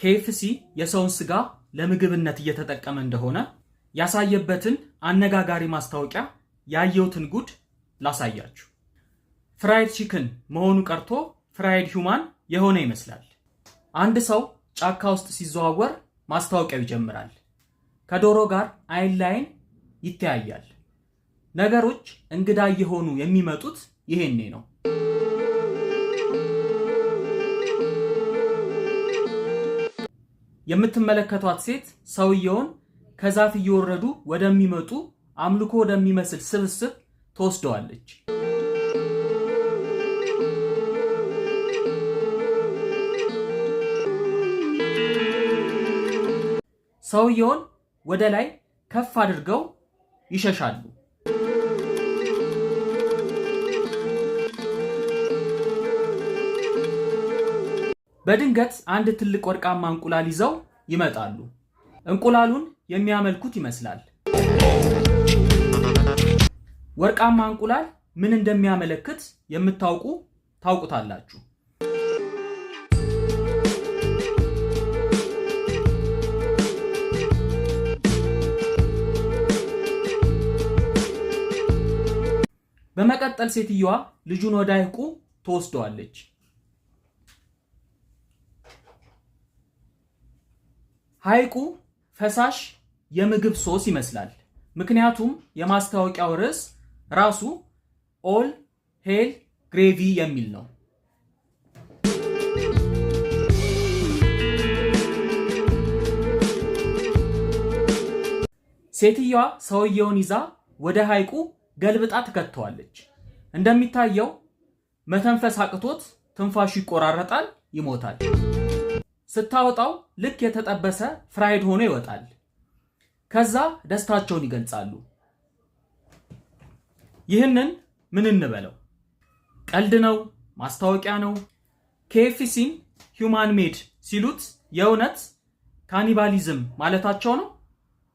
ኬኤፍሲ የሰውን ስጋ ለምግብነት እየተጠቀመ እንደሆነ ያሳየበትን አነጋጋሪ ማስታወቂያ ያየሁትን ጉድ ላሳያችሁ። ፍራይድ ቺክን መሆኑ ቀርቶ ፍራይድ ሁማን የሆነ ይመስላል። አንድ ሰው ጫካ ውስጥ ሲዘዋወር ማስታወቂያው ይጀምራል። ከዶሮ ጋር አይን ላይን ይተያያል። ነገሮች እንግዳ እየሆኑ የሚመጡት ይሄኔ ነው። የምትመለከቷት ሴት ሰውየውን ከዛፍ እየወረዱ ወደሚመጡ አምልኮ ወደሚመስል ስብስብ ትወስደዋለች። ሰውየውን ወደ ላይ ከፍ አድርገው ይሸሻሉ። በድንገት አንድ ትልቅ ወርቃማ እንቁላል ይዘው ይመጣሉ። እንቁላሉን የሚያመልኩት ይመስላል። ወርቃማ እንቁላል ምን እንደሚያመለክት የምታውቁ ታውቁታላችሁ። በመቀጠል ሴትየዋ ልጁን ወደ ሐይቁ ትወስደዋለች። ሐይቁ ፈሳሽ የምግብ ሶስ ይመስላል። ምክንያቱም የማስታወቂያው ርዕስ ራሱ ኦል ሄል ግሬቪ የሚል ነው። ሴትየዋ ሰውየውን ይዛ ወደ ሐይቁ ገልብጣ ትከተዋለች። እንደሚታየው መተንፈስ አቅቶት ትንፋሹ ይቆራረጣል፣ ይሞታል። ስታወጣው ልክ የተጠበሰ ፍራይድ ሆኖ ይወጣል። ከዛ ደስታቸውን ይገልጻሉ። ይህንን ምን እንበለው? ቀልድ ነው? ማስታወቂያ ነው? ኬኤፍሲን ሂውማን ሜድ ሲሉት የእውነት ካኒባሊዝም ማለታቸው ነው?